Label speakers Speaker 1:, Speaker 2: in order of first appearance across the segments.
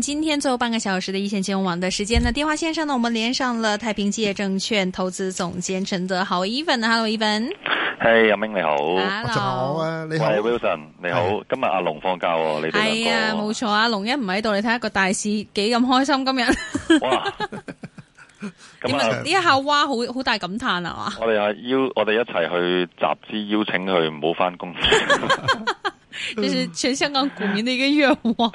Speaker 1: 今天最後半個小時的一線金融網的時間呢？電話線上呢？我們連上了太平基業證券投資總監陳德豪，Even。Hello Even，Hey
Speaker 2: 阿明你好，hello，、哦啊你好啊、喂 Wilson 你好，Hey. 今日阿龍放假哦，你都有哥，係啊、哎，冇
Speaker 1: 錯，阿龍一唔喺度，你睇下個大市幾咁開心今日， 哇，
Speaker 2: 咁解呢一
Speaker 1: 下哇好好大感嘆啊、 嗯、
Speaker 2: 我哋係邀我哋一齊去集資邀請佢唔好翻工。
Speaker 1: 就是全香港股民的一個願望。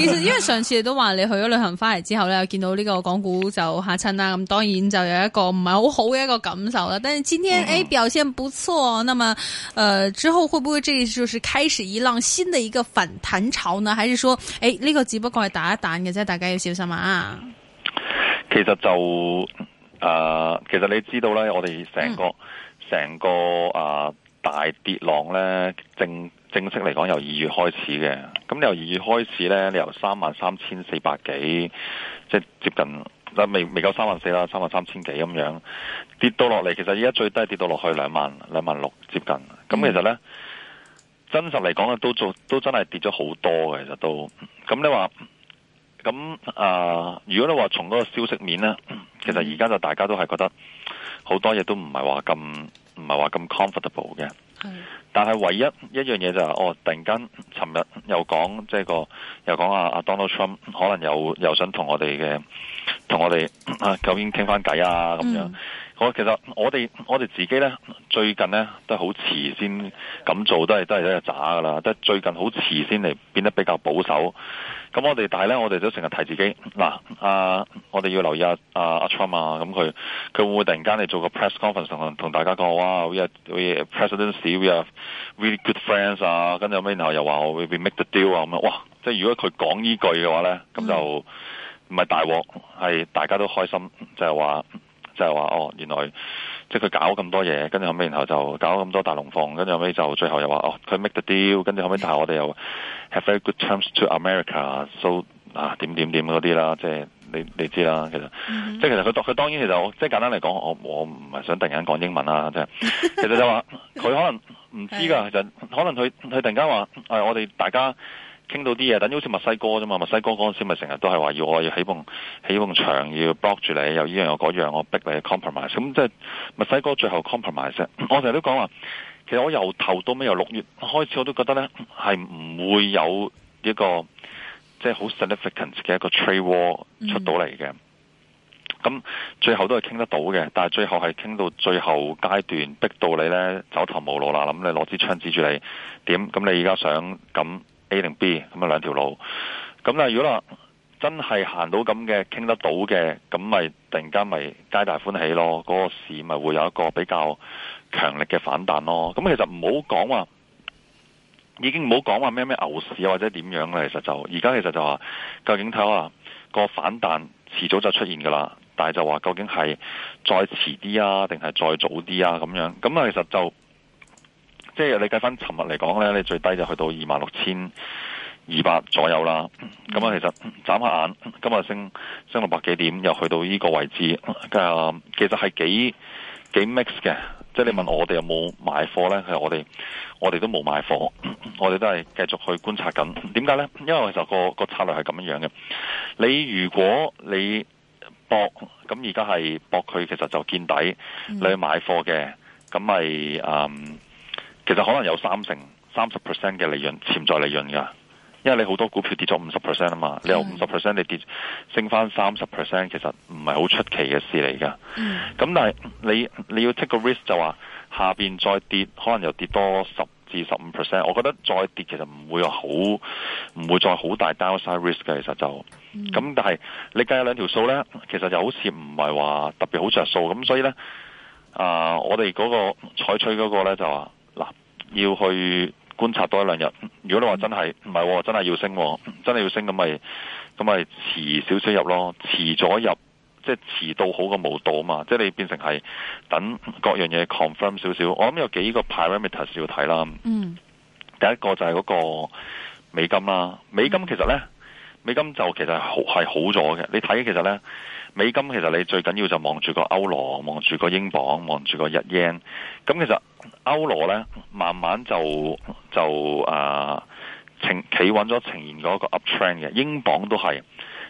Speaker 3: 其實因為
Speaker 1: 上次都話你去咗旅行翻嚟之後咧，又見到呢個港股就嚇親啦。咁當然就有一個唔係好好嘅一個感受啦。但係今天、嗯、誒表現不錯，那麼誒、呃、之後會不會這就是開始一浪新的一個反彈潮呢？還是說誒呢、這個只不過係打一彈嘅啫？大家要小心啊！
Speaker 2: 其實就誒、呃，其實你知道咧，我哋成個成、嗯、個誒。呃大跌浪呢，正正式嚟講，由二月開始嘅。咁你由二月開始呢，你由三萬三千四百幾，即係接近，未未夠三萬四啦，三萬三千幾咁樣跌到落嚟。其實而家最低跌到落去兩萬兩萬六接近。咁其實呢，嗯、真實嚟講啊，都做都，都真係跌咗好多嘅，其實都。咁你話咁啊？如果你話從嗰個消息面呢，其實而家就大家都係覺得好多嘢都唔係話咁。唔係話咁 comfortable 嘅，但係唯一一樣嘢就係，是，哦，突然間尋日又講，這個，即係個又講阿阿 Donald Trump 可能又又想同我哋嘅。同我哋啊，究竟傾翻偈啊，咁樣。我、mm. 其實我哋我哋自己咧，最近咧都係好遲先咁做，都係都係一隻渣噶啦。即係最近好遲先嚟變得比較保守。咁我哋，但係咧，我哋都成日提自己嗱，啊，我哋要留意啊，啊阿 Trump 啊，咁佢佢會唔會突然間嚟做個 press conference 同，同大家講哇 we are we presidency, we are really good friends 啊，跟住後尾然後又話我會變 make the deal 啊咁啊哇！即係如果佢講依句嘅話咧，咁就。Mm. 唔係大鑊，係大家都開心，就係話，就係話哦，原來即係佢搞咁多嘢，跟住後尾然後就搞咁多大龍鳳，跟住後尾就最後又話哦，佢 make the deal，跟住後尾但係我哋又 have very good terms to America，so 啊點點點嗰啲啦，即係你你知啦，其實即係其實佢當佢當然其實我即係簡單嚟講，我我唔係想突然間講英文啦，即係 其實就話佢可能唔知㗎， 其實 可能佢佢突然間話誒，我哋大家。傾到啲嘢，等於好似墨西哥啫嘛。墨西哥嗰陣時咪成日都係話要我要起戇起戇牆，要 block 住你，又依樣又嗰樣，我逼你 compromise。咁即係墨西哥最後 compromise。我成日都講話，其實我由頭到尾由六月開始，我都覺得呢係唔會有一個即係好 significant 嘅一個 trade war 出到嚟嘅。咁最後都係傾得到嘅，但係最後係傾到最後階段，逼到你呢走投無路啦。咁你攞支槍指住你點？咁你而家想咁？A 定 B 咁啊，兩條路。咁啦，如果話真係行到咁嘅傾得到嘅，咁咪突然間咪皆大歡喜咯。嗰個市咪會有一個比較強力嘅反彈咯。咁其實唔好講話，已經唔好講話咩咩牛市或者點樣啦。其實就而家其實就話，究竟睇下個反彈遲早就出現噶啦，但係就話究竟係再遲啲啊，定係再早啲啊咁樣。咁啊，其實就。即係你計翻，尋日嚟講咧，你最低就去到二萬六千二百左右啦。咁啊，其實眨下眼，今日升升六百幾點又去到呢個位置，其實係幾幾 mix 嘅。即係你問我哋有冇買貨咧？其實我哋我哋都冇買貨，我哋都係繼續去觀察緊。點解咧？因為就、嗰個嗰個策略係咁樣樣嘅。你如果你博咁而家係博佢，其實就見底你去買貨嘅，咁咪、就係、嗯。其實可能有三成、三十 percent 嘅利潤、潛在利潤噶，因為你好多股票跌咗五十 percent 啊嘛，的你有五十 percent 你跌升翻三十 percent，其實唔係好出奇嘅事嚟噶。咁、嗯、但係你你要 take 個 risk 就話下邊再跌，可能又跌多十至十五 percent。我覺得再跌其實唔會有好，唔會再好大 downside risk 嘅。其實就咁，嗯、但係你計兩條數咧，其實就好似唔係話特別好着數咁，所以咧，啊、呃，我哋嗰個採取嗰個咧就話。嗱，要去觀察多一兩日。如果你話真係唔係，真係要升喎，真係要升，咁咪咁咪遲少少入咯。遲咗入即係遲到好過冇到嘛。即係你變成係等各樣嘢 confirm 少少。我諗有幾個 parameter 要睇啦。嗯、第一個就係嗰個美金啦。美金其實咧，美金就其實係好咗嘅。你睇其實咧，美金其實你最緊要就望住個歐羅，望住個英鎊，望住個日圓。咁其實歐羅咧慢慢就就啊呈企穩咗，呃、穩呈現咗一個 up trend 嘅，英鎊都係，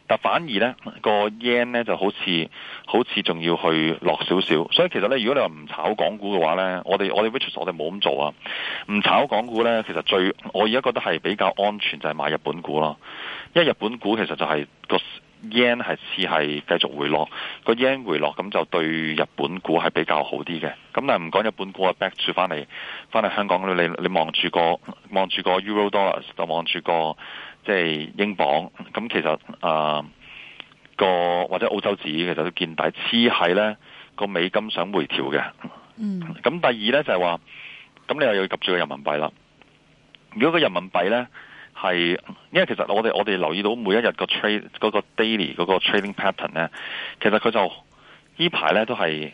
Speaker 2: 但反而咧個 yen 咧就好似好似仲要去落少少，所以其實咧如果你話唔炒港股嘅話咧，我哋我哋 research 我哋冇咁做啊，唔炒港股咧，其實最我而家覺得係比較安全就係買日本股咯，因為日本股其實就係個。yen 係似係繼續回落，個 yen 回落咁就對日本股係比較好啲嘅。咁但係唔講日本股啊，back 住翻嚟，翻嚟香港你你望住個望住個 Euro Dollars，就望住個即係英鎊。咁其實誒、呃、個或者澳洲紙其實都見底，似係咧個美金想回調嘅。嗯。咁第二咧就係話，咁你又要及住個人民幣啦。如果個人民幣咧。係，因為其實我哋我哋留意到每一日個 trade 嗰個 daily 嗰個 trading pattern 咧，其實佢就呢排咧都係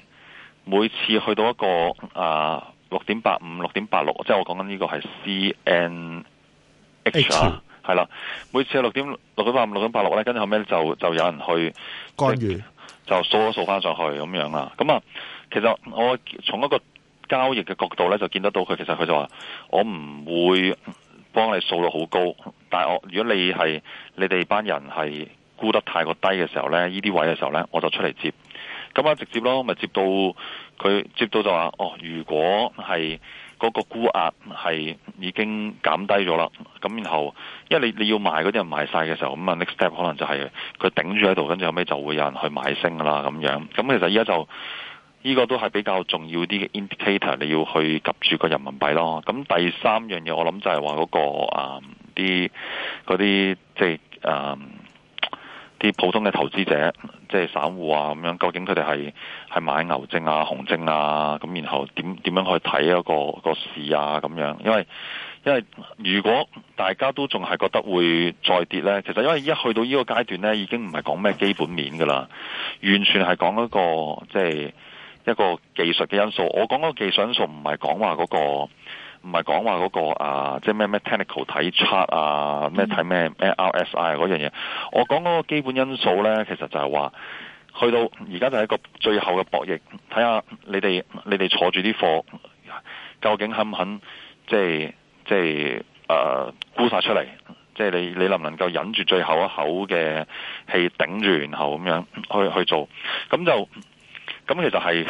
Speaker 2: 每次去到一個啊六點八五、六點八六，6. 85, 6. 86, 即係我講緊呢個係 CNH 啊，係啦，每次六點六點八五、六點八六咧，跟住後尾就就有人去干預，就掃一掃翻上去咁樣啦。咁啊，其實我從一個交易嘅角度咧，就見得到佢，其實佢就話我唔會。幫你掃到好高，但係我如果你係你哋班人係沽得太過低嘅時候呢，呢啲位嘅時候呢，我就出嚟接咁啊，直接咯，咪接到佢接到就話哦，如果係嗰個沽壓係已經減低咗啦，咁然後因為你你要賣嗰啲人賣晒嘅時候，咁啊，next step 可能就係佢頂住喺度，跟住後尾就會有人去買升啦，咁樣咁其實而家就。呢個都係比較重要啲嘅 indicator，你要去及住個人民幣咯。咁第三樣嘢，那個，我諗就係話嗰個啊啲啲即係啊啲普通嘅投資者，即係散戶啊咁樣，究竟佢哋係係買牛證啊、熊證啊咁，然後點點樣去睇一個個市啊咁樣？因為因為如果大家都仲係覺得會再跌咧，其實因為一去到個階呢個階段咧，已經唔係講咩基本面噶啦，完全係講嗰個即係。一個技術嘅因素，我講嗰個技術因素唔係講話嗰個，唔係講話嗰個啊，即係咩咩 technical 睇測，啊，咩睇咩咩 RSI 嗰樣嘢。我講嗰個基本因素咧，其實就係話，去到而家就係一個最後嘅博弈，睇下你哋你哋坐住啲貨，究竟肯唔肯即係即係誒沽晒出嚟？即係、呃、你你能唔能夠忍住最後一口嘅氣頂住，然後咁樣去去做，咁就。咁其實係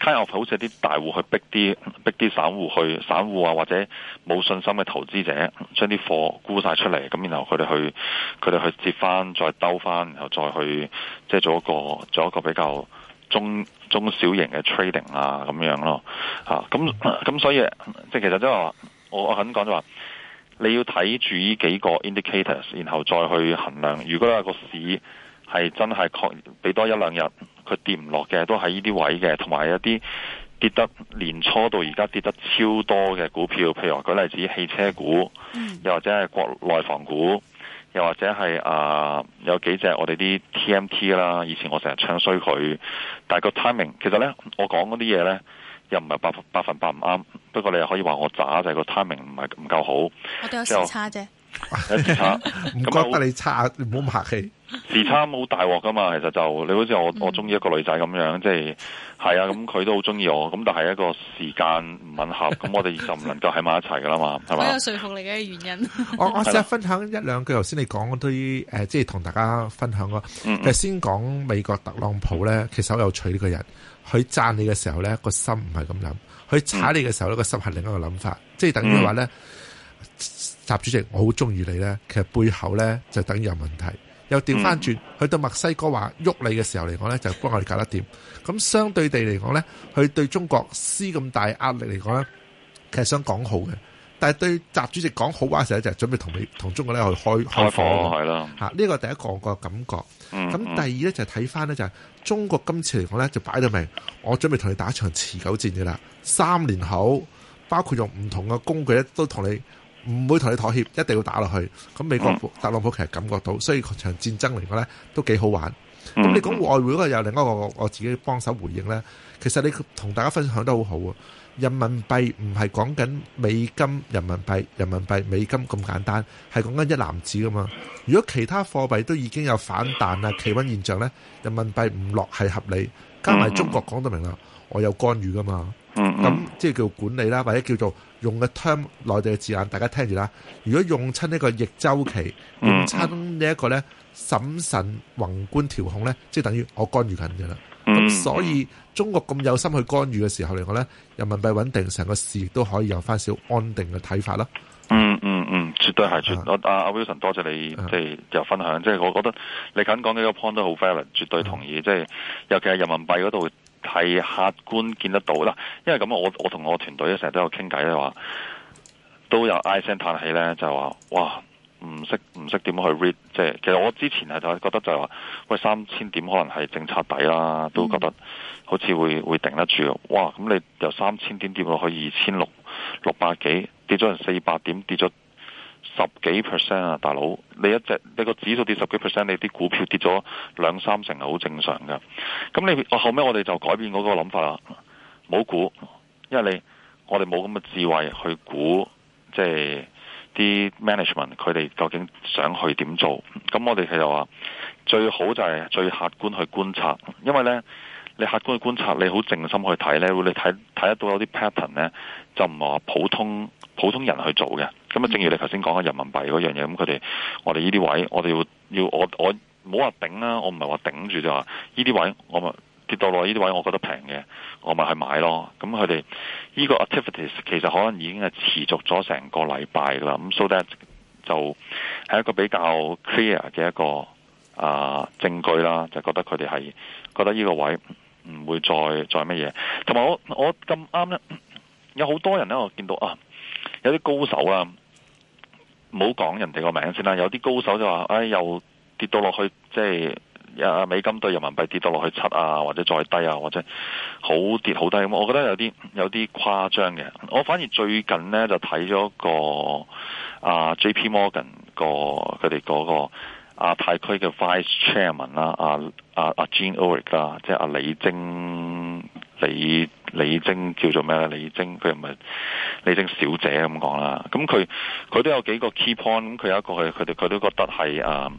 Speaker 2: ，kind of 好似啲大戶去逼啲逼啲散戶去，散戶啊或者冇信心嘅投資者，將啲貨沽晒出嚟，咁然後佢哋去佢哋去接翻，再兜翻，然後再去即係做一個做一個比較中中小型嘅 trading 啦、啊，咁樣咯嚇。咁、啊、咁所以即係其實即係話，我我肯講就話、是，你要睇住呢幾個 indicators，然後再去衡量。如果咧、那個市係真係確俾多一兩日。佢跌唔落嘅都喺呢啲位嘅，同埋一啲跌得年初到而家跌得超多嘅股票，譬如話舉例子汽車股，mm. 又或者係國內房股，又或者係啊有幾隻我哋啲 TMT 啦。以前我成日唱衰佢，但係個 timing 其實咧，我講嗰啲嘢咧又唔係百百分百唔啱，不過你又可以話我渣就係個 timing 唔係唔夠好，我都有時差
Speaker 1: 啫。
Speaker 3: 時唔 覺得你差，唔好 客氣。
Speaker 2: 時差冇大鑊噶嘛，其實就你好似我我中意一個女仔咁樣，即係係啊，咁佢都好中意我，咁但係一個時間唔吻合，咁 我哋就唔能夠喺埋一齊噶啦嘛，係嘛 吧？好有
Speaker 1: 說服力嘅原因。 oh, 我我試下分
Speaker 3: 享一兩句，頭先你講啲誒，即係同大家分享個。其實 先講美國特朗普咧，其實好有趣呢個人。佢讚你嘅時候咧，個心唔係咁諗；佢踩你嘅時候呢，個心係另一個諗法，即係等於話咧。 習主席，我好中意你呢。其實背後呢，就等於有問題。又調翻轉去到墨西哥話喐你嘅時候嚟講呢，就幫我哋搞得掂。咁相對地嚟講呢，佢對中國施咁大壓力嚟講呢，其實想講好嘅。但係對習主席講好的話嘅時候呢，就是、準備同你同中國呢去開開火，開火。係咯，吓呢、啊這個第一個個感覺。咁、嗯、第二呢，就睇、是、翻呢，就係、是、中國今次嚟講呢，就擺到明，我準備同你打一場持久戰嘅啦。三年後，包括用唔同嘅工具咧都同你。唔會同你妥協，一定要打落去。咁美國特朗普其實感覺到，所以場戰爭嚟講呢都幾好玩。咁你講外匯嗰個有另一個，我自己幫手回應呢。其實你同大家分享得好好，人民幣唔係講緊美金、人民幣、人民幣、美金咁簡單，係講緊一籃子噶嘛。如果其他貨幣都已經有反彈啊、企穩現象呢，人民幣唔落係合理。加埋中國講得明啦，我有干預噶嘛。咁即係叫管理啦，或者叫做用嘅 term 內地嘅字眼，大家聽住啦。如果用親呢個逆周期，用親呢一個咧審慎宏觀調控咧，即係等於我干預緊嘅啦。咁所以中國咁有心去干預嘅時候嚟講咧，人民幣穩定成個市都可以有翻少安定嘅睇法啦。嗯
Speaker 2: 嗯嗯，絕對係。我、嗯啊啊啊、阿 Wilson 多謝你即係又分享，即係、嗯嗯嗯、我覺得你緊講呢一個 point 都好 fair 絕對同意。即係尤其係人民幣嗰度。係客觀見得到啦。因為咁我我同我團隊成日都有傾偈咧，話都有唉聲嘆氣咧，就話、是、哇唔識唔識點去 read，即、就、係、是、其實我之前係就係覺得就係、是、話，喂，三千點可能係政策底啦，都覺得好似會會定得住，哇咁你由三千點跌落去二千六六百幾，跌咗成四百點，跌咗。十幾 percent 啊，大佬，你一隻你個指數跌十幾 percent，你啲股票跌咗兩三成係好正常㗎。咁你後我後尾我哋就改變嗰個諗法啦，冇估，因為你我哋冇咁嘅智慧去估，即係啲 management 佢哋究竟想去點做。咁我哋係就話最好就係最客觀去觀察，因為呢，你客觀去觀察，你好靜心去睇呢，會你睇睇得到有啲 pattern 呢，就唔係話普通普通人去做嘅。咁啊，嗯、正如你頭先講嘅人民幣嗰樣嘢，咁佢哋我哋呢啲位，我哋要要我我冇話頂啦，我唔係話頂住就話呢啲位，我咪跌到落呢啲位，我覺得平嘅，我咪去買咯。咁佢哋呢個 activities 其實可能已經係持續咗成個禮拜噶啦。咁 so that 就係一個比較 clear 嘅一個啊證據啦，就覺得佢哋係覺得呢個位唔會再再乜嘢。同埋我我咁啱咧，有好多人咧，我見到啊，有啲高手啊。唔好講人哋個名先啦，有啲高手就話，哎，又跌到落去，即係啊，美金對人民幣跌到落去七啊，或者再低啊，或者好跌好低。我覺得有啲有啲誇張嘅。我反而最近呢，就睇咗個啊 JP Morgan，個佢哋嗰個亞太區嘅 vice chairman 啦，啊，阿、啊、阿阿、啊、Jean Ulrich 啊，即係、啊、阿李晶。李李晶叫做咩咧？李晶佢唔係李晶小姐咁講啦。咁佢佢都有幾個 key point。佢有一個係佢哋佢都覺得係啊，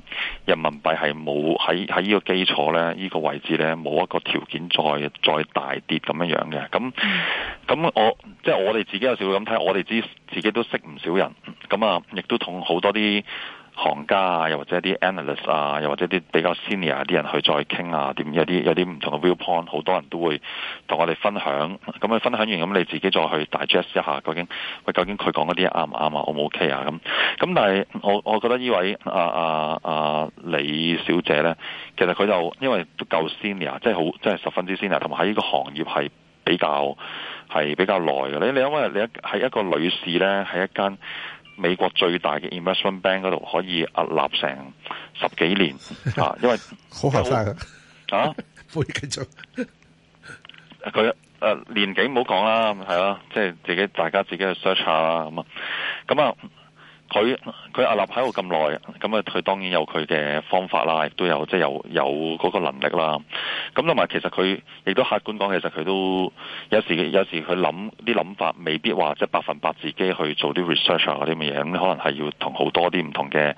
Speaker 2: 人民幣係冇喺喺呢個基礎咧，呢、這個位置咧冇一個條件再再大跌咁樣樣嘅。咁、嗯、咁、嗯嗯、我即係我哋自己有少少咁睇，我哋之自己都識唔少人。咁、嗯、啊，亦都同好多啲。行家啊，又或者啲 analyst 啊，又或者啲比較 senior 啲人去再傾啊，點有啲有啲唔同嘅 viewpoint，好多人都會同我哋分享。咁你分享完咁，你自己再去 digest 一下究竟喂，究竟佢講嗰啲啱唔啱啊，O 唔 OK 啊咁。咁但係我我覺得呢位啊啊啊李小姐呢，其實佢就因為夠 senior，即係好即係、就是、十分之 senior，同埋喺呢個行業係比較係比較耐嘅咧。你因為你係一,一個女士呢，喺一間。美國最大嘅 investment bank 嗰度可以屹立成十幾年 啊，
Speaker 3: 因為好後生啊， 啊，我繼續
Speaker 2: 佢誒年紀唔好講啦，係咯、啊，即係自己大家自己去 search 下啦，咁啊，咁啊。佢佢阿立喺度咁耐，咁啊佢當然有佢嘅方法啦，亦都有即係有有嗰個能力啦。咁同埋其實佢亦都客觀講，其實佢都有時有時佢諗啲諗法未必話即係百分百自己去做啲 research 嗰啲咁嘅嘢，咁可能係要同好多啲唔同嘅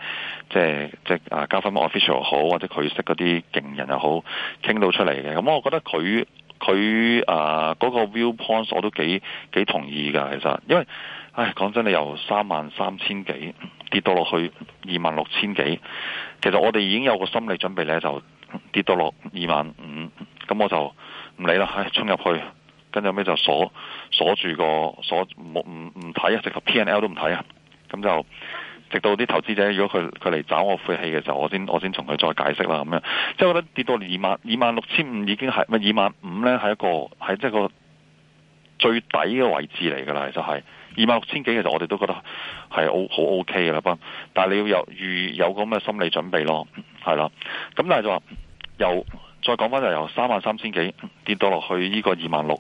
Speaker 2: 即係即係啊交返 official 好，或者佢識嗰啲勁人又好傾到出嚟嘅。咁我覺得佢。佢啊，嗰、呃嗰個 viewpoints 我都幾幾同意㗎，其實，因為，唉，講真，你由三萬三千幾跌到落去二萬六千幾，其實我哋已經有個心理準備咧，就跌到落二萬五，咁我就唔理啦，衝入去，跟住後尾就鎖鎖住個鎖唔唔睇啊，直頭 P N L 都唔睇啊，咁就。直到啲投資者如果佢佢嚟找我晦氣嘅時候，我先我先同佢再解釋啦咁樣。即係我覺得跌到二萬二萬六千五已經係咪二萬五咧？係一個係即係個最底嘅位置嚟噶啦，就係、是、二萬六千幾其實我哋都覺得係好好 OK 嘅啦。不，但係你要有預有咁嘅心理準備咯，係啦。咁但係就話由再講翻就由三萬三千幾跌到落去呢個二萬六，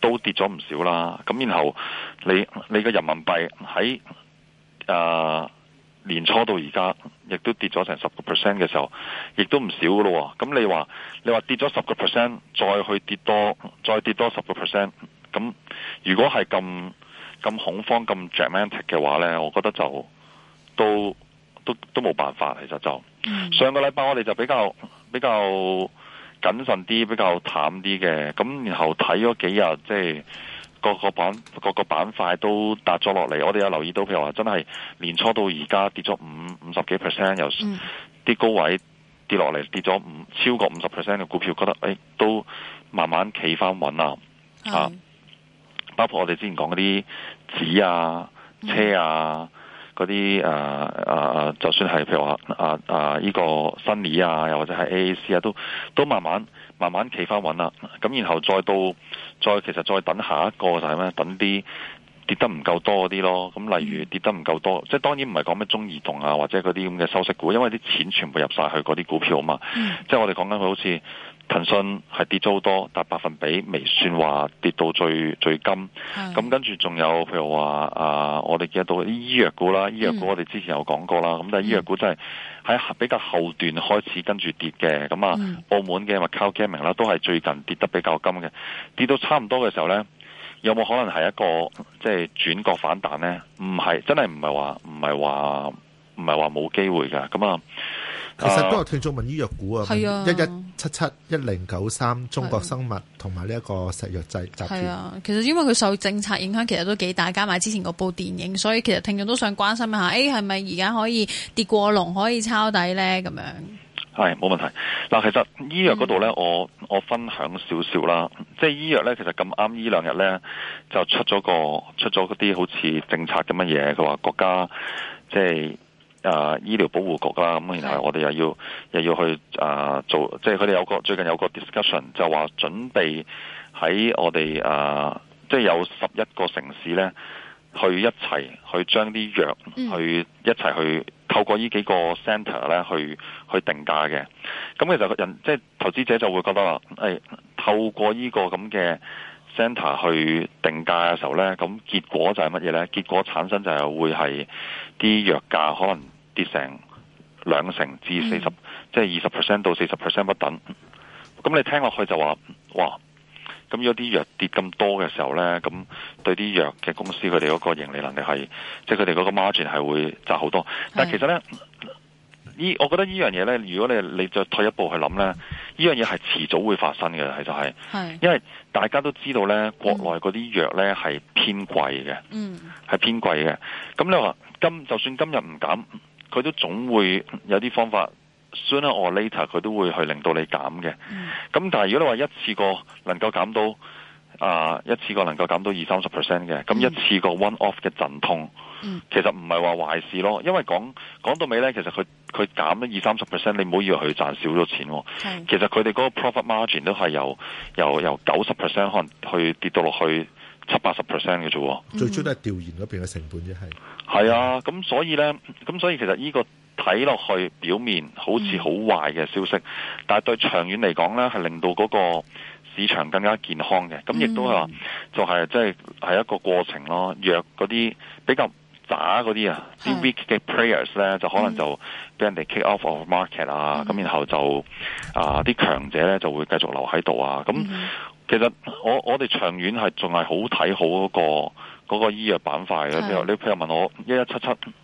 Speaker 2: 都跌咗唔少啦。咁然後你你嘅人民幣喺誒？呃年初到而家，亦都跌咗成十個 percent 嘅時候，亦都唔少噶咯、哦。咁你話，你話跌咗十個 percent，再去跌多，再跌多十個 percent，咁如果係咁咁恐慌、咁 dramatic 嘅話咧，我覺得就都都都冇辦法，其實就、嗯、上個禮拜我哋就比較比較。謹慎啲，比較淡啲嘅，咁然後睇咗幾日，即係各個板各個板塊都踏咗落嚟。我哋有留意到，譬如話真係年初到而家跌咗五五十幾 percent，又啲、嗯、高位跌落嚟，跌咗五超過五十 percent 嘅股票，覺得誒、欸、都慢慢企翻穩啦吓是、啊。包括我哋之前講嗰啲紙啊、車啊。嗯嗰啲誒誒誒，就算係譬如話啊、呃呃這個、啊，呢個舜宇啊，又或者係 AAC 啊，都都慢慢慢慢企返穩啦。咁然後再到再其實再等下一個就係、是、咩？等啲跌得唔夠多嗰啲咯。咁例如跌得唔夠多，即係當然唔係講咩中移動啊，或者嗰啲咁嘅收息股，因為啲錢全部入晒去嗰啲股票啊嘛。嗯、即係我哋講緊佢好似。騰訊係跌咗好多，但百分比未算話跌到最最金。咁的跟住仲有譬如話啊、呃，我哋記得到啲醫藥股啦，嗯、醫藥股我哋之前有講過啦。咁但係醫藥股真係喺比較後段開始跟住跌嘅。咁、嗯、啊，澳門嘅 Macau Gaming 啦，都係最近跌得比較金嘅。跌到差唔多嘅時候呢，有冇可能係一個即係、就是、轉角反彈呢？唔係，真係唔係話唔係話唔係話冇機會嘅。咁啊～其實都係
Speaker 3: 聽眾問醫藥股啊，係啊。一一七七一零九三中國生物同埋呢一個石藥製集團，係啊，
Speaker 1: 其實因為佢受政策影響，其實都幾大，加埋之前嗰部電影，所以其實聽眾都想關心一下，誒、哎，係咪而家可以跌過籠，可以抄底咧？咁樣
Speaker 2: 係冇、哎、問題。嗱，其實醫藥嗰度咧，我、嗯、我分享少少啦。即係醫藥咧，其實咁啱呢兩日咧，就出咗個出咗啲好似政策咁嘅嘢，佢話國家即係。啊，醫療保護局啦，咁然後我哋又要，又要去啊做，即係佢哋有個最近有個 discussion 就話準備喺我哋啊，即係有十一個城市呢，去一齊去將啲藥去一齊去透過呢幾個 center 呢，去去定價嘅，咁、嗯嗯、其實人即係投資者就會覺得話，誒、哎、透過呢個咁嘅。去定價嘅時候呢，咁結果就係乜嘢呢？結果產生就係會係啲藥價可能跌成兩成至四十、嗯，即係二十 percent 到四十 percent 不等。咁你聽落去就話，哇！咁有啲藥跌咁多嘅時候呢，咁對啲藥嘅公司佢哋嗰個盈利能力係，即係佢哋嗰個 margin 係會窄好多。是但其實呢。我覺得呢樣嘢呢，如果你你再退一步去諗呢，呢樣嘢係遲早會發生嘅，其實係，是因為大家都知道呢，國內嗰啲藥呢係偏貴嘅，係、嗯、偏貴嘅。咁你話今就算今日唔減，佢都總會有啲方法，sooner or later，佢都會去令到你減嘅。咁、嗯、但係如果你話一次過能夠減到。啊！Uh, 一次過能夠減到二三十 percent 嘅，咁、嗯、一次過 one off 嘅陣痛，嗯、其實唔係話壞事咯。因為講講到尾呢，其實佢佢減咗二三十 percent，你唔好以為佢賺少咗錢。係是，其實佢哋嗰個 profit margin 都係由由由九十 percent 可能去跌到落去七八十 percent 嘅啫。
Speaker 3: 最初都係調研嗰邊嘅成本啫，係
Speaker 2: 係、嗯、啊。咁所以呢，咁所以其實呢個睇落去表面好似好壞嘅消息，嗯、但係對長遠嚟講呢，係令到嗰、那個。市場更加健康嘅，咁亦都係話，就係即係係一個過程咯。若嗰啲比較渣嗰啲啊，啲是 weak 嘅 players 咧，就可能就俾人哋 kick off of market 啊、嗯。咁然後就啊，啲、呃、強者咧就會繼續留喺度啊。咁、嗯、其實我我哋長遠係仲係好睇好嗰個嗰、嗰個醫藥板塊嘅。譬是如你譬如問我一一七七。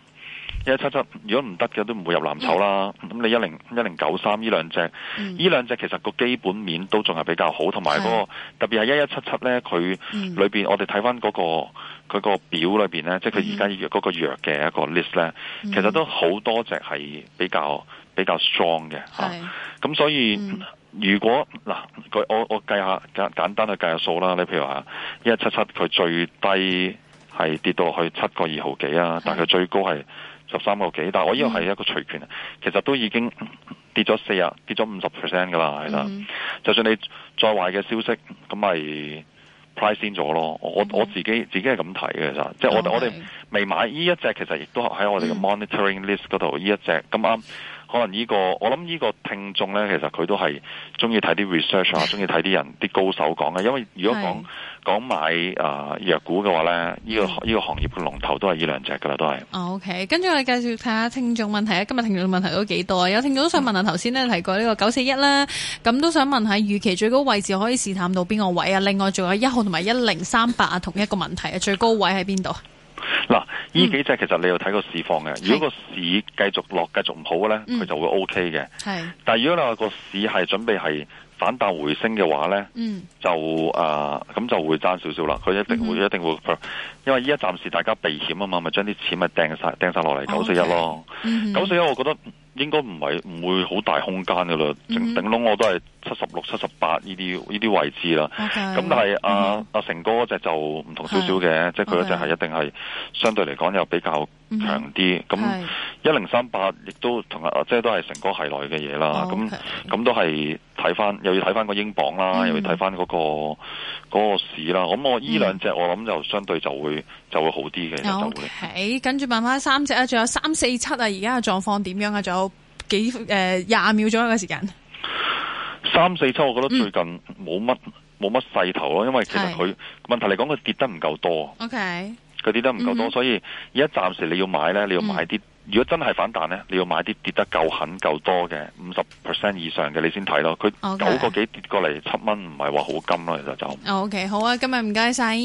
Speaker 2: 一一七七，7，如果唔得嘅都唔會入藍籌啦。咁、yeah. 你一零一零九三呢兩隻，呢、um, 兩隻其實個基本面都仲係比較好，同埋嗰個特別係一一七七咧，佢、um, 裏邊我哋睇翻嗰個佢個表裏邊咧，即係佢而家嗰個藥嘅一個 list 咧，mm, 其實都好多隻係比較比較、mm, strong 嘅吓。咁、啊、所以如果嗱，佢我我計下簡簡單嘅計下數啦。你譬如話一一七七，佢最低係跌到去七個二毫幾啊，但係佢最高係。十三個幾，但係我呢個係一個除權啊，mm hmm. 其實都已經跌咗四日，跌咗五十 percent 噶啦，係啦。Mm hmm. 就算你再壞嘅消息，咁咪 price in 咗咯。Mm hmm. 我我自己自己係咁睇嘅咋，即係我我哋未買呢一隻，其實亦都喺我哋嘅 monitoring list 嗰度呢一隻咁啱。可能呢、這個我諗呢個聽眾咧，其實佢都係中意睇啲 research 啊，中意睇啲人啲高手講嘅。因為如果講講買啊藥股嘅話咧，呢、這個呢、嗯、個行業嘅龍頭都係呢兩隻㗎喇，都係。
Speaker 1: o、okay, k 跟住我哋介紹睇下聽眾問題啊。今日聽眾問題都幾多啊？有聽眾、嗯、都想問下頭先咧提過呢個九四一啦，咁都想問下預期最高位置可以試探到邊個位啊？另外仲有一號同埋一零三八啊，同一個問題啊，最高位喺邊度？
Speaker 2: 嗱，呢幾隻其實你要睇個市況嘅，嗯、如果個市繼續落、繼續唔好咧，佢就會 OK 嘅。係、嗯，但係如果你話個市係準備係。反彈回升嘅話呢，嗯、就啊咁就會爭少少啦。佢一定會一定會，嗯、因為依家暫時大家避險啊嘛，咪將啲錢咪掟晒掟晒落嚟九四一咯。九四一我覺得應該唔係唔會好大空間噶嘞，嗯、頂籠我都係七十六七十八呢啲依啲位置啦。咁 okay, 但係阿啊、嗯、啊成哥嗰隻就唔同少少嘅，即係佢嗰隻係一定係相對嚟講又比較強啲咁。嗯是一零三八亦都同啊，即係都係成個系內嘅嘢啦。咁咁都係睇翻，又要睇翻個英鎊啦，又要睇翻嗰個個市啦。咁我依兩隻，我諗就相對就會就會好啲嘅。就 O
Speaker 1: K，跟住問翻三隻啊，仲有三四七啊，而家嘅狀況點樣啊？仲有幾誒廿秒左右嘅時間。
Speaker 2: 三四七，我覺得最近冇乜冇乜勢頭咯，因為其實佢問題嚟講，佢跌得唔夠多。O K，佢跌得唔夠多，所以而家暫時你要買咧，你要買啲。如果真係反彈咧，你要買啲跌得夠狠、夠多嘅五十 percent 以上嘅，你先睇咯。佢九 Okay. 個幾跌過嚟七蚊，唔係話好金咯，其實就。
Speaker 1: OK，好啊，今日唔該晒。